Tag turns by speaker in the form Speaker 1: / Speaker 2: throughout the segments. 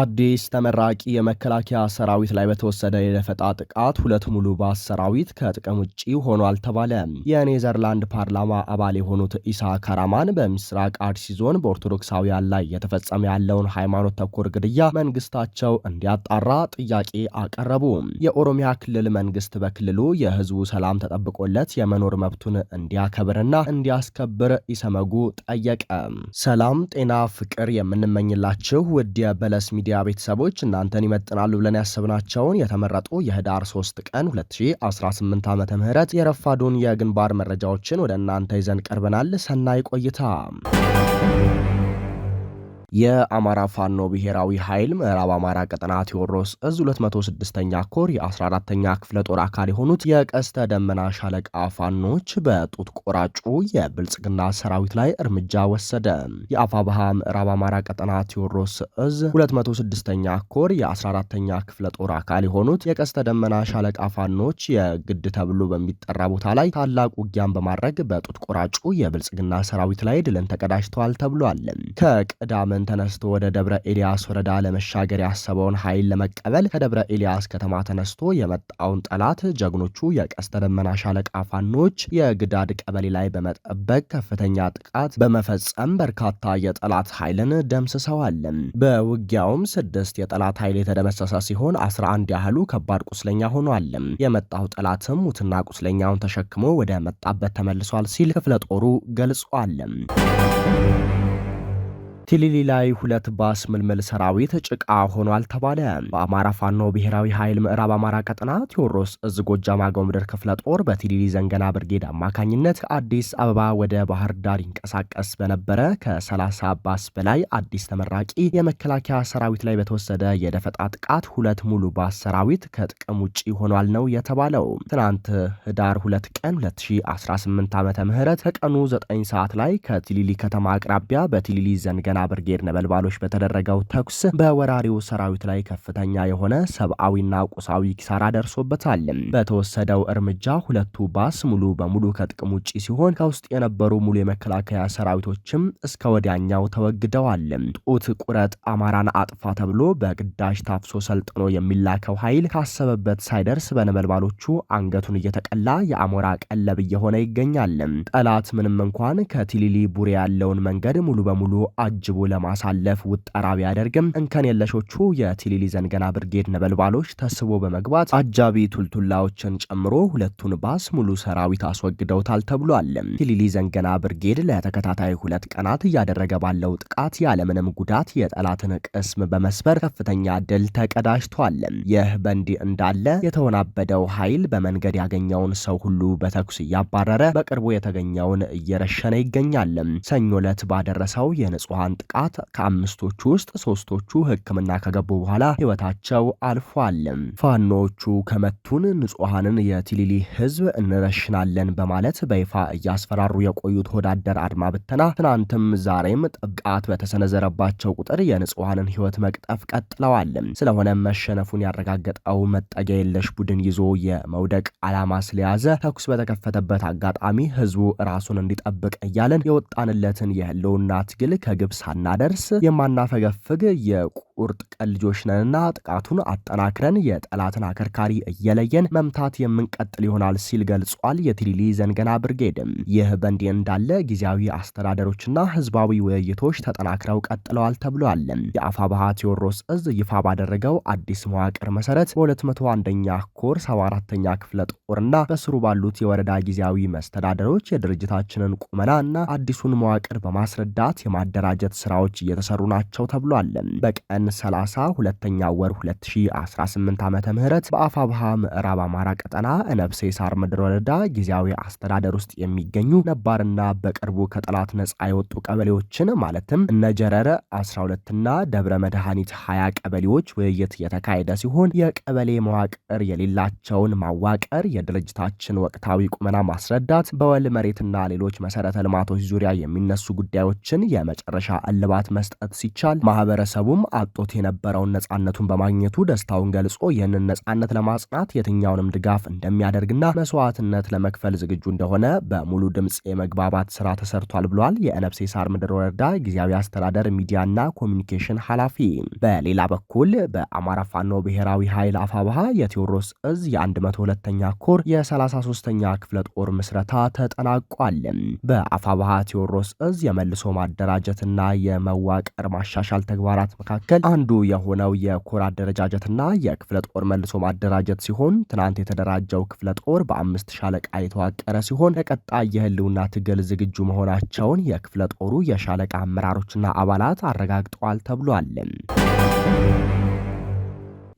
Speaker 1: አዲስ ተመራቂ የመከላከያ ሰራዊት ላይ በተወሰደ የደፈጣ ጥቃት ሁለት ሙሉ ባስ ሰራዊት ከጥቅም ውጭ ሆኗል ተባለ። የኔዘርላንድ ፓርላማ አባል የሆኑት ኢሳ ካራማን በምስራቅ አርሲ ዞን በኦርቶዶክሳውያን ላይ የተፈጸመ ያለውን ሃይማኖት ተኮር ግድያ መንግስታቸው እንዲያጣራ ጥያቄ አቀረቡ። የኦሮሚያ ክልል መንግስት በክልሉ የህዝቡ ሰላም ተጠብቆለት የመኖር መብቱን እንዲያከብርና እንዲያስከብር ኢሰመጉ ጠየቀ። ሰላም፣ ጤና፣ ፍቅር የምንመኝላችሁ ውድ የበለስ ሚዲያ ቤተሰቦች እናንተን ይመጥናሉ ብለን ያሰብናቸውን የተመረጡ የህዳር 3 ቀን 2018 ዓ ም የረፋዱን የግንባር መረጃዎችን ወደ እናንተ ይዘን ቀርበናል። ሰናይ ቆይታ የአማራ ፋኖ ብሔራዊ ኃይል ምዕራብ አማራ ቀጠና ቴዎድሮስ እዝ 26 ኛ ኮር የ 14 ተኛ ክፍለ ጦር አካል የሆኑት የቀስተ ደመና ሻለቃ ፋኖች በጡት ቆራጩ የብልጽግና ሰራዊት ላይ እርምጃ ወሰደ። የአፋባሃ ምዕራብ አማራ ቀጠና ቴዎድሮስ እዝ 26 ኛ ኮር የ14ኛ ክፍለ ጦር አካል የሆኑት የቀስተ ደመና ሻለቃ ፋኖች የግድ ተብሎ በሚጠራ ቦታ ላይ ታላቅ ውጊያን በማድረግ በጡት ቆራጩ የብልጽግና ሰራዊት ላይ ድልን ተቀዳጅተዋል ተብሏል። ከቅዳመ መኮንን ተነስቶ ወደ ደብረ ኤልያስ ወረዳ ለመሻገር ያሰበውን ኃይል ለመቀበል ከደብረ ኤልያስ ከተማ ተነስቶ የመጣውን ጠላት ጀግኖቹ የቀስተ ደመና ሻለቃ ፋኖች የግዳድ ቀበሌ ላይ በመጠበቅ ከፍተኛ ጥቃት በመፈጸም በርካታ የጠላት ኃይልን ደምስሰዋል። በውጊያውም ስድስት የጠላት ኃይል የተደመሰሰ ሲሆን 11 ያህሉ ከባድ ቁስለኛ ሆኗል። የመጣው ጠላትም ሙትና ቁስለኛውን ተሸክሞ ወደ መጣበት ተመልሷል ሲል ክፍለ ጦሩ ገልጿል። ቲሊሊ ላይ ሁለት ባስ ምልምል ሰራዊት ጭቃ ሆኗል ተባለ። በአማራ ፋኖ ብሔራዊ ኃይል ምዕራብ አማራ ቀጠና ቴዎድሮስ እዝ ጎጃም አገው ምድር ክፍለ ጦር በቲሊሊ ዘንገና ብርጌድ አማካኝነት አዲስ አበባ ወደ ባህር ዳር ይንቀሳቀስ በነበረ ከ30 ባስ በላይ አዲስ ተመራቂ የመከላከያ ሰራዊት ላይ በተወሰደ የደፈጣ ጥቃት ሁለት ሙሉ ባስ ሰራዊት ከጥቅም ውጪ ሆኗል ነው የተባለው። ትናንት ህዳር 2 ቀን 2018 ዓ ም ከቀኑ 9 ሰዓት ላይ ከቲሊሊ ከተማ አቅራቢያ በቲሊሊ ዘንገና ጣና ብርጌድ ነበልባሎች በተደረገው ተኩስ በወራሪው ሰራዊት ላይ ከፍተኛ የሆነ ሰብአዊና ቁሳዊ ኪሳራ ደርሶበታል። በተወሰደው እርምጃ ሁለቱ ባስ ሙሉ በሙሉ ከጥቅም ውጪ ሲሆን ከውስጥ የነበሩ ሙሉ የመከላከያ ሰራዊቶችም እስከ ወዲያኛው ተወግደዋል። ጡት ቁረጥ አማራን አጥፋ ተብሎ በግዳጅ ታፍሶ ሰልጥኖ የሚላከው ኃይል ካሰበበት ሳይደርስ በነበልባሎቹ አንገቱን እየተቀላ የአሞራ ቀለብ እየሆነ ይገኛል። ጠላት ምንም እንኳን ከቲሊሊ ቡሬ ያለውን መንገድ ሙሉ በሙሉ አጅ ታጅቦ ለማሳለፍ ውጠራ ቢያደርግም እንከን የለሾቹ የቲሊሊ ዘንገና ብርጌድ ነበልባሎች ተስቦ በመግባት አጃቢ ቱልቱላዎችን ጨምሮ ሁለቱን ባስ ሙሉ ሰራዊት አስወግደውታል ተብሏል። ቲሊሊ ዘንገና ብርጌድ ለተከታታይ ሁለት ቀናት እያደረገ ባለው ጥቃት ያለምንም ጉዳት የጠላትን ቅስም በመስበር ከፍተኛ ድል ተቀዳጅቷል። ይህ በእንዲህ እንዳለ የተወናበደው ኃይል በመንገድ ያገኘውን ሰው ሁሉ በተኩስ እያባረረ በቅርቡ የተገኘውን እየረሸነ ይገኛል። ሰኞ ዕለት ባደረሰው የንጹሐን ጥቃት ከአምስቶቹ ውስጥ ሶስቶቹ ህክምና ከገቡ በኋላ ህይወታቸው አልፏል። ፋኖቹ ከመቱን ንጹሐንን የቲሊሊ ህዝብ እንረሽናለን በማለት በይፋ እያስፈራሩ የቆዩት ወዳደር አድማ ብተና ትናንትም ዛሬም ጥቃት በተሰነዘረባቸው ቁጥር የንጹሐንን ህይወት መቅጠፍ ቀጥለዋል። ስለሆነ መሸነፉን ያረጋገጠው መጠጊያ የለሽ ቡድን ይዞ የመውደቅ ዓላማ ስለያዘ ተኩስ በተከፈተበት አጋጣሚ ህዝቡ ራሱን እንዲጠብቅ እያለን የወጣንለትን የህልውና ትግል ከግብስ ሳናደርስ የማናፈገፍግ የቁ ቁርጥ ቀን ልጆች ነንና ጥቃቱን አጠናክረን የጠላትን አከርካሪ እየለየን መምታት የምንቀጥል ይሆናል ሲል ገልጿል። የትሪሊ ዘንገና ብርጌድም ይህ በእንዲህ እንዳለ ጊዜያዊ አስተዳደሮችና ህዝባዊ ውይይቶች ተጠናክረው ቀጥለዋል ተብሏል። የአፋ ቴዎድሮስ እዝ ይፋ ባደረገው አዲስ መዋቅር መሰረት በ201ኛ ኮር 74ኛ ክፍለ ጦርና በስሩ ባሉት የወረዳ ጊዜያዊ መስተዳደሮች የድርጅታችንን ቁመና እና አዲሱን መዋቅር በማስረዳት የማደራጀት ስራዎች እየተሰሩ ናቸው ተብሏል። በቀን 30 ሁለተኛ ወር 2018 ዓ ም በአፋብሃ ምዕራብ አማራ ቀጠና እነብሴ ሳር ምድር ወረዳ ጊዜያዊ አስተዳደር ውስጥ የሚገኙ ነባርና በቅርቡ ከጠላት ነጻ የወጡ ቀበሌዎችን ማለትም እነጀረረ 12ና ደብረ መድኃኒት 20 ቀበሌዎች ውይይት የተካሄደ ሲሆን የቀበሌ መዋቅር የሌላቸውን ማዋቀር፣ የድርጅታችን ወቅታዊ ቁመና ማስረዳት፣ በወል መሬትና ሌሎች መሰረተ ልማቶች ዙሪያ የሚነሱ ጉዳዮችን የመጨረሻ እልባት መስጠት ሲቻል ማህበረሰቡም አጡ ተሰጥቶት የነበረውን ነጻነቱን በማግኘቱ ደስታውን ገልጾ ይህንን ነጻነት ለማጽናት የትኛውንም ድጋፍ እንደሚያደርግና መስዋዕትነት ለመክፈል ዝግጁ እንደሆነ በሙሉ ድምፅ የመግባባት ስራ ተሰርቷል ብሏል። የእነብሴ ሳር ምድር ወረዳ ጊዜያዊ አስተዳደር ሚዲያና ኮሚኒኬሽን ኃላፊ። በሌላ በኩል በአማራ ፋኖ ብሔራዊ ኃይል አፋብሃ የቴዎድሮስ እዝ የ102ኛ ኮር የ33ኛ ክፍለ ጦር ምስረታ ተጠናቋል። በአፋብሃ ቴዎድሮስ እዝ የመልሶ ማደራጀትና የመዋቅር ማሻሻል ተግባራት መካከል አንዱ የሆነው የኮር አደረጃጀትና የክፍለ ጦር መልሶ ማደራጀት ሲሆን ትናንት የተደራጀው ክፍለ ጦር በአምስት ሻለቃ የተዋቀረ ሲሆን ለቀጣይ የህልውና ትግል ዝግጁ መሆናቸውን የክፍለ ጦሩ የሻለቃ አመራሮችና አባላት አረጋግጠዋል ተብሏል።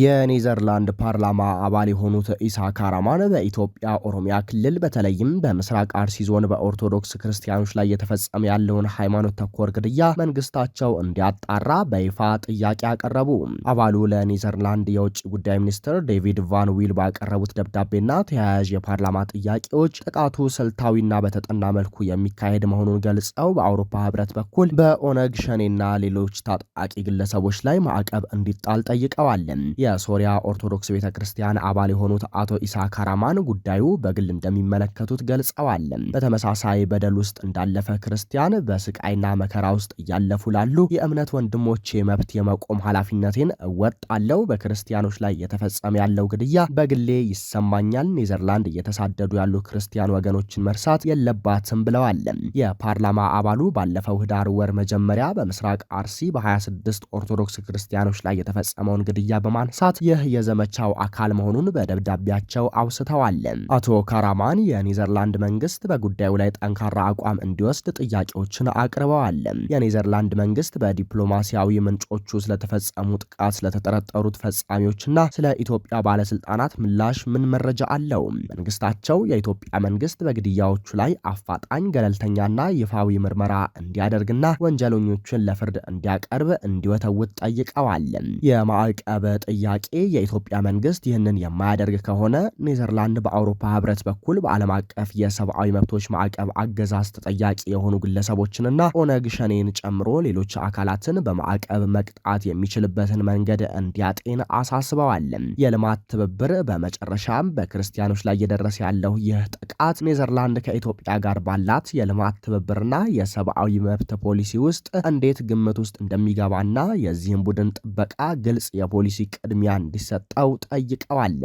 Speaker 1: የኔዘርላንድ ፓርላማ አባል የሆኑት ኢሳ ካራማን በኢትዮጵያ ኦሮሚያ ክልል በተለይም በምስራቅ አርሲ ዞን በኦርቶዶክስ ክርስቲያኖች ላይ የተፈጸመ ያለውን ሃይማኖት ተኮር ግድያ መንግስታቸው እንዲያጣራ በይፋ ጥያቄ አቀረቡ። አባሉ ለኔዘርላንድ የውጭ ጉዳይ ሚኒስትር ዴቪድ ቫን ዊል ባቀረቡት ደብዳቤና ተያያዥ የፓርላማ ጥያቄዎች ጥቃቱ ስልታዊና በተጠና መልኩ የሚካሄድ መሆኑን ገልጸው በአውሮፓ ህብረት በኩል በኦነግ ሸኔና ሌሎች ታጣቂ ግለሰቦች ላይ ማዕቀብ እንዲጣል ጠይቀዋል። የሶሪያ ኦርቶዶክስ ቤተ ክርስቲያን አባል የሆኑት አቶ ኢሳ ካራማን ጉዳዩ በግል እንደሚመለከቱት ገልጸዋል። በተመሳሳይ በደል ውስጥ እንዳለፈ ክርስቲያን በስቃይና መከራ ውስጥ እያለፉ ላሉ የእምነት ወንድሞቼ መብት የመቆም ኃላፊነቴን እወጣለሁ። በክርስቲያኖች ላይ እየተፈጸመ ያለው ግድያ በግሌ ይሰማኛል። ኔዘርላንድ እየተሳደዱ ያሉ ክርስቲያን ወገኖችን መርሳት የለባትም ብለዋል። የፓርላማ አባሉ ባለፈው ህዳር ወር መጀመሪያ በምስራቅ አርሲ በ26 ኦርቶዶክስ ክርስቲያኖች ላይ የተፈጸመውን ግድያ በማን ሳት ይህ የዘመቻው አካል መሆኑን በደብዳቤያቸው አውስተዋል። አቶ ካራማን የኔዘርላንድ መንግስት በጉዳዩ ላይ ጠንካራ አቋም እንዲወስድ ጥያቄዎችን አቅርበዋል። የኔዘርላንድ መንግስት በዲፕሎማሲያዊ ምንጮቹ ስለተፈጸሙ ጥቃት፣ ስለተጠረጠሩት ፈጻሚዎችና ስለ ኢትዮጵያ ባለስልጣናት ምላሽ ምን መረጃ አለው? መንግስታቸው የኢትዮጵያ መንግስት በግድያዎቹ ላይ አፋጣኝ ገለልተኛና ይፋዊ ምርመራ እንዲያደርግና ወንጀለኞችን ለፍርድ እንዲያቀርብ እንዲወተውት ጠይቀዋል። የማዕቀብ ጥያቄ የኢትዮጵያ መንግስት ይህንን የማያደርግ ከሆነ ኔዘርላንድ በአውሮፓ ህብረት በኩል በዓለም አቀፍ የሰብአዊ መብቶች ማዕቀብ አገዛዝ ተጠያቂ የሆኑ ግለሰቦችንና ኦነግ ሸኔን ጨምሮ ሌሎች አካላትን በማዕቀብ መቅጣት የሚችልበትን መንገድ እንዲያጤን አሳስበዋል። የልማት ትብብር በመጨረሻም በክርስቲያኖች ላይ እየደረሰ ያለው ይህ ጥቃት ኔዘርላንድ ከኢትዮጵያ ጋር ባላት የልማት ትብብርና የሰብአዊ መብት ፖሊሲ ውስጥ እንዴት ግምት ውስጥ እንደሚገባና የዚህም ቡድን ጥበቃ ግልጽ የፖሊሲ ቅድሚያ እንዲሰጠው ጠይቀዋል።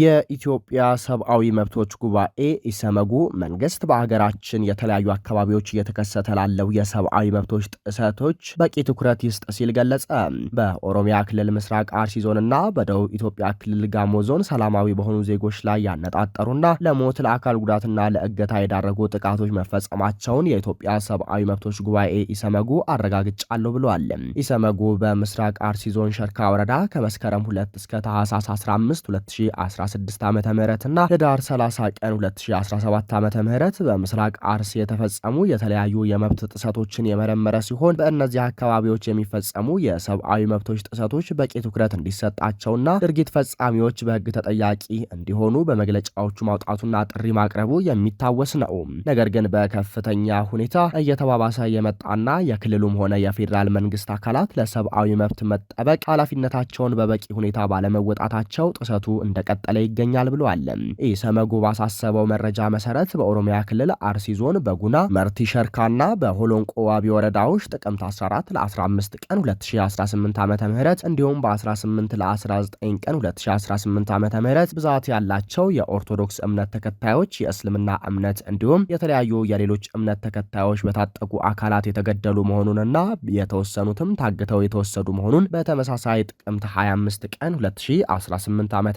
Speaker 1: የኢትዮጵያ ሰብአዊ መብቶች ጉባኤ ኢሰመጉ መንግስት በሀገራችን የተለያዩ አካባቢዎች እየተከሰተ ላለው የሰብአዊ መብቶች ጥሰቶች በቂ ትኩረት ይስጥ ሲል ገለጸ። በኦሮሚያ ክልል ምስራቅ አርሲ ዞንና በደቡብ ኢትዮጵያ ክልል ጋሞ ዞን ሰላማዊ በሆኑ ዜጎች ላይ ያነጣጠሩና ለሞት ለአካል ጉዳትና ለእገታ የዳረጉ ጥቃቶች መፈጸማቸውን የኢትዮጵያ ሰብአዊ መብቶች ጉባኤ ኢሰመጉ አረጋግጫለሁ ብለዋል። ኢሰመጉ በምስራቅ አርሲ ዞን ሸርካ ወረዳ ከመስከረም 2 እስከ ታህሳስ 15 20 2016 ዓ ም እና ህዳር 30 ቀን 2017 ዓ ም በምስራቅ አርሲ የተፈጸሙ የተለያዩ የመብት ጥሰቶችን የመረመረ ሲሆን በእነዚህ አካባቢዎች የሚፈጸሙ የሰብአዊ መብቶች ጥሰቶች በቂ ትኩረት እንዲሰጣቸውና ድርጊት ፈጻሚዎች በህግ ተጠያቂ እንዲሆኑ በመግለጫዎቹ ማውጣቱና ጥሪ ማቅረቡ የሚታወስ ነው። ነገር ግን በከፍተኛ ሁኔታ እየተባባሰ የመጣና የክልሉም ሆነ የፌዴራል መንግስት አካላት ለሰብአዊ መብት መጠበቅ ኃላፊነታቸውን በበቂ ሁኔታ ባለመወጣታቸው ጥሰቱ እንደቀጠለ ላይ ይገኛል ብለዋል። ኢሰመጉ ባሳሰበው መረጃ መሰረት በኦሮሚያ ክልል አርሲ ዞን በጉና መርቲ ሸርካና በሆሎንቆ ዋቢ ወረዳዎች ጥቅምት 14 ለ15 ቀን 2018 ዓ ም እንዲሁም በ18 ለ19 ቀን 2018 ዓ ም ብዛት ያላቸው የኦርቶዶክስ እምነት ተከታዮች የእስልምና እምነት እንዲሁም የተለያዩ የሌሎች እምነት ተከታዮች በታጠቁ አካላት የተገደሉ መሆኑንና የተወሰኑትም ታግተው የተወሰዱ መሆኑን በተመሳሳይ ጥቅምት 25 ቀን 2018 ዓ ም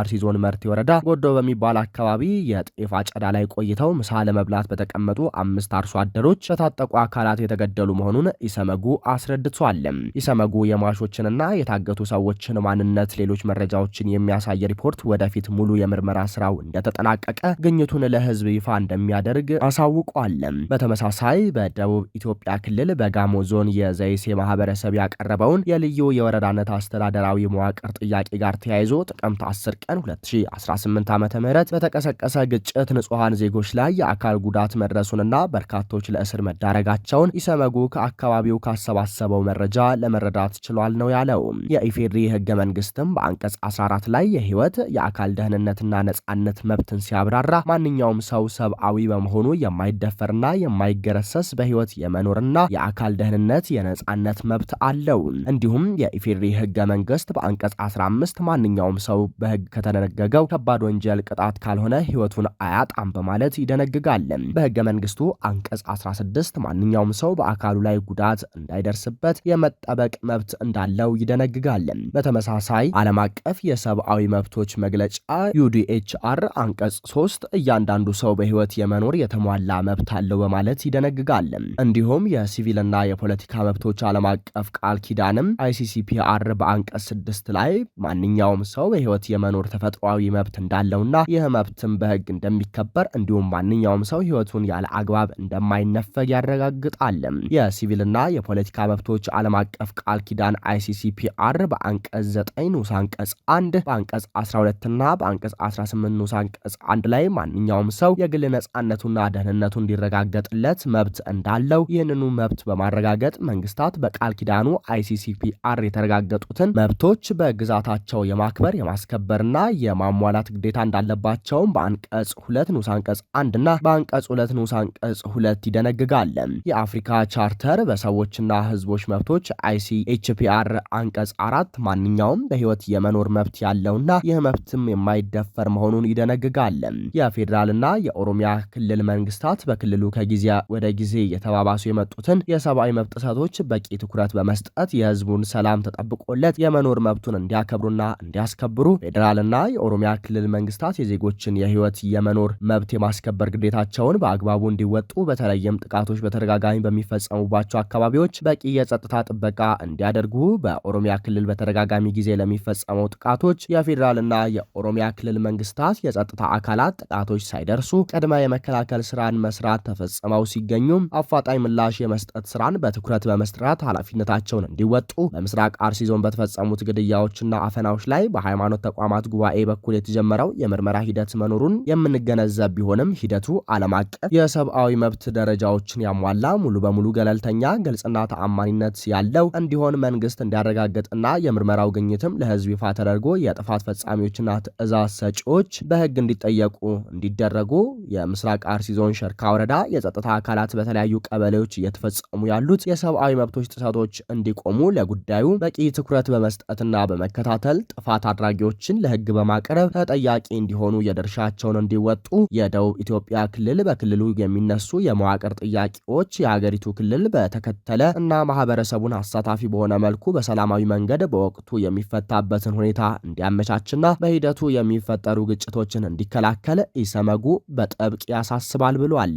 Speaker 1: በአርሲ ዞን መርቲ ወረዳ ጎዶ በሚባል አካባቢ የጤፍ አጨዳ ላይ ቆይተው ምሳ ለመብላት በተቀመጡ አምስት አርሶ አደሮች በታጠቁ አካላት የተገደሉ መሆኑን ኢሰመጉ አስረድቷል። ኢሰመጉ የሟቾችንና የታገቱ ሰዎችን ማንነት፣ ሌሎች መረጃዎችን የሚያሳይ ሪፖርት ወደፊት ሙሉ የምርመራ ስራው እንደተጠናቀቀ ግኝቱን ለህዝብ ይፋ እንደሚያደርግ አሳውቋል። በተመሳሳይ በደቡብ ኢትዮጵያ ክልል በጋሞ ዞን የዘይሴ ማህበረሰብ ያቀረበውን የልዩ የወረዳነት አስተዳደራዊ መዋቅር ጥያቄ ጋር ተያይዞ ጥቅምት 10 ቀን 2018 ዓ ም በተቀሰቀሰ ግጭት ንጹሐን ዜጎች ላይ የአካል ጉዳት መድረሱንና በርካቶች ለእስር መዳረጋቸውን ኢሰመጉ ከአካባቢው ካሰባሰበው መረጃ ለመረዳት ችሏል ነው ያለው። የኢፌድሪ ህገ መንግስትም በአንቀጽ 14 ላይ የህይወት የአካል ደህንነትና ነጻነት መብትን ሲያብራራ ማንኛውም ሰው ሰብአዊ በመሆኑ የማይደፈርና የማይገረሰስ በህይወት የመኖርና የአካል ደህንነት የነጻነት መብት አለው። እንዲሁም የኢፌድሪ ህገ መንግስት በአንቀጽ 15 ማንኛውም ሰው በህግ ከተደነገገው ከባድ ወንጀል ቅጣት ካልሆነ ህይወቱን አያጣም በማለት ይደነግጋል። በህገ መንግስቱ አንቀጽ 16 ማንኛውም ሰው በአካሉ ላይ ጉዳት እንዳይደርስበት የመጠበቅ መብት እንዳለው ይደነግጋል። በተመሳሳይ ዓለም አቀፍ የሰብአዊ መብቶች መግለጫ ዩዲኤችአር አንቀጽ 3 እያንዳንዱ ሰው በህይወት የመኖር የተሟላ መብት አለው በማለት ይደነግጋል። እንዲሁም የሲቪልና የፖለቲካ መብቶች ዓለም አቀፍ ቃል ኪዳንም አይሲሲፒአር በአንቀጽ 6 ላይ ማንኛውም ሰው በህይወት የመኖር ተፈጥሯዊ መብት እንዳለውና ይህ መብትም በህግ እንደሚከበር እንዲሁም ማንኛውም ሰው ህይወቱን ያለ አግባብ እንደማይነፈግ ያረጋግጣል። የሲቪልና የፖለቲካ መብቶች ዓለም አቀፍ ቃል ኪዳን አይሲሲፒአር በአንቀጽ 9 ንዑስ አንቀጽ 1 በአንቀጽ 12ና በአንቀጽ 18 ንዑስ አንቀጽ 1 ላይ ማንኛውም ሰው የግል ነጻነቱና ደህንነቱ እንዲረጋገጥለት መብት እንዳለው ይህንኑ መብት በማረጋገጥ መንግስታት በቃል ኪዳኑ አይሲሲፒአር የተረጋገጡትን መብቶች በግዛታቸው የማክበር የማስከበርና የማሟላት ግዴታ እንዳለባቸውም በአንቀጽ ሁለት ንዑስ አንቀጽ አንድ በአንቀጽ ሁለት ንዑስ አንቀጽ ሁለት ይደነግጋል። የአፍሪካ ቻርተር በሰዎችና ህዝቦች መብቶች አይሲኤችፒአር አንቀጽ አራት ማንኛውም በህይወት የመኖር መብት ያለውና ይህ መብትም የማይደፈር መሆኑን ይደነግጋል። የፌዴራልና የኦሮሚያ ክልል መንግስታት በክልሉ ከጊዜ ወደ ጊዜ የተባባሱ የመጡትን የሰብአዊ መብት ጥሰቶች በቂ ትኩረት በመስጠት የህዝቡን ሰላም ተጠብቆለት የመኖር መብቱን እንዲያከብሩና እንዲያስከብሩ ፌዴራልና በጠቅላላ የኦሮሚያ ክልል መንግስታት የዜጎችን የህይወት የመኖር መብት የማስከበር ግዴታቸውን በአግባቡ እንዲወጡ በተለይም ጥቃቶች በተደጋጋሚ በሚፈጸሙባቸው አካባቢዎች በቂ የጸጥታ ጥበቃ እንዲያደርጉ በኦሮሚያ ክልል በተደጋጋሚ ጊዜ ለሚፈጸመው ጥቃቶች የፌዴራልና የኦሮሚያ ክልል መንግስታት የጸጥታ አካላት ጥቃቶች ሳይደርሱ ቅድመ የመከላከል ስራን መስራት ተፈጽመው ሲገኙም አፋጣኝ ምላሽ የመስጠት ስራን በትኩረት በመስራት ኃላፊነታቸውን እንዲወጡ በምስራቅ አርሲ ዞን በተፈጸሙት ግድያዎችና አፈናዎች ላይ በሃይማኖት ተቋማት ጉባኤ በኩል የተጀመረው የምርመራ ሂደት መኖሩን የምንገነዘብ ቢሆንም ሂደቱ ዓለም አቀፍ የሰብአዊ መብት ደረጃዎችን ያሟላ ሙሉ በሙሉ ገለልተኛ፣ ግልጽና ተአማኒነት ያለው እንዲሆን መንግስት እንዲያረጋግጥና የምርመራው ግኝትም ለህዝብ ይፋ ተደርጎ የጥፋት ፈጻሚዎችና ትዕዛዝ ሰጪዎች በህግ እንዲጠየቁ እንዲደረጉ የምስራቅ አርሲ ዞን ሸርካ ወረዳ የጸጥታ አካላት በተለያዩ ቀበሌዎች እየተፈጸሙ ያሉት የሰብአዊ መብቶች ጥሰቶች እንዲቆሙ ለጉዳዩ በቂ ትኩረት በመስጠትና በመከታተል ጥፋት አድራጊዎችን ለህግ ህግ በማቅረብ ተጠያቂ እንዲሆኑ የድርሻቸውን እንዲወጡ የደቡብ ኢትዮጵያ ክልል በክልሉ የሚነሱ የመዋቅር ጥያቄዎች የአገሪቱ ክልል በተከተለ እና ማህበረሰቡን አሳታፊ በሆነ መልኩ በሰላማዊ መንገድ በወቅቱ የሚፈታበትን ሁኔታ እንዲያመቻችና በሂደቱ የሚፈጠሩ ግጭቶችን እንዲከላከል ኢሰመጉ በጠብቅ ያሳስባል ብሏል።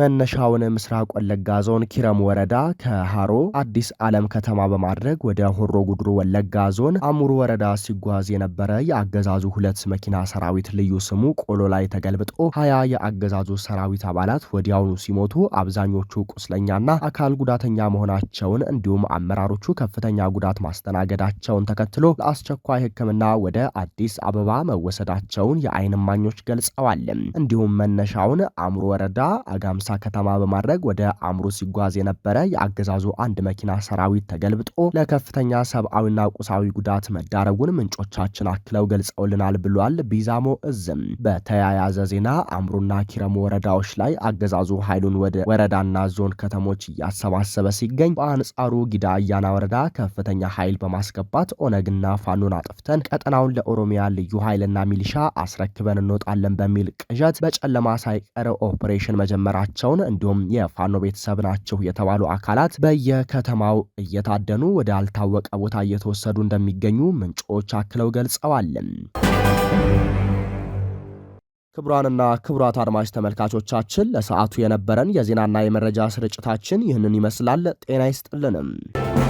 Speaker 1: መነሻውን ምስራቅ ወለጋ ዞን ኪረም ወረዳ ከሃሮ አዲስ ዓለም ከተማ በማድረግ ወደ ሆሮ ጉድሩ ወለጋ ዞን አሙሩ ወረዳ ሲጓዝ የነበረ የአገዛዙ ሁለት መኪና ሰራዊት ልዩ ስሙ ቆሎ ላይ ተገልብጦ ሀያ የአገዛዙ ሰራዊት አባላት ወዲያውኑ ሲሞቱ አብዛኞቹ ቁስለኛና አካል ጉዳተኛ መሆናቸውን እንዲሁም አመራሮቹ ከፍተኛ ጉዳት ማስተናገዳቸውን ተከትሎ ለአስቸኳይ ሕክምና ወደ አዲስ አበባ መወሰዳቸውን የአይን እማኞች ገልጸዋል። እንዲሁም መነሻውን አእምሮ ወረዳ አጋም ሀምሳ ከተማ በማድረግ ወደ አምሮ ሲጓዝ የነበረ የአገዛዙ አንድ መኪና ሰራዊት ተገልብጦ ለከፍተኛ ሰብአዊና ቁሳዊ ጉዳት መዳረጉን ምንጮቻችን አክለው ገልጸውልናል ብሏል። ቢዛሞ እዝም በተያያዘ ዜና አምሮና ኪረሙ ወረዳዎች ላይ አገዛዙ ኃይሉን ወደ ወረዳና ዞን ከተሞች እያሰባሰበ ሲገኝ፣ በአንጻሩ ጊዳ አያና ወረዳ ከፍተኛ ኃይል በማስገባት ኦነግና ፋኖን አጥፍተን ቀጠናውን ለኦሮሚያ ልዩ ኃይልና ሚሊሻ አስረክበን እንወጣለን በሚል ቅዠት በጨለማ ሳይቀር ኦፕሬሽን መጀመራቸው መሆናቸውን እንዲሁም የፋኖ ቤተሰብ ናቸው የተባሉ አካላት በየከተማው እየታደኑ ወደ አልታወቀ ቦታ እየተወሰዱ እንደሚገኙ ምንጮች አክለው ገልጸዋል። ክቡራንና ክቡራት አድማጭ ተመልካቾቻችን ለሰዓቱ የነበረን የዜናና የመረጃ ስርጭታችን ይህንን ይመስላል። ጤና ይስጥልንም።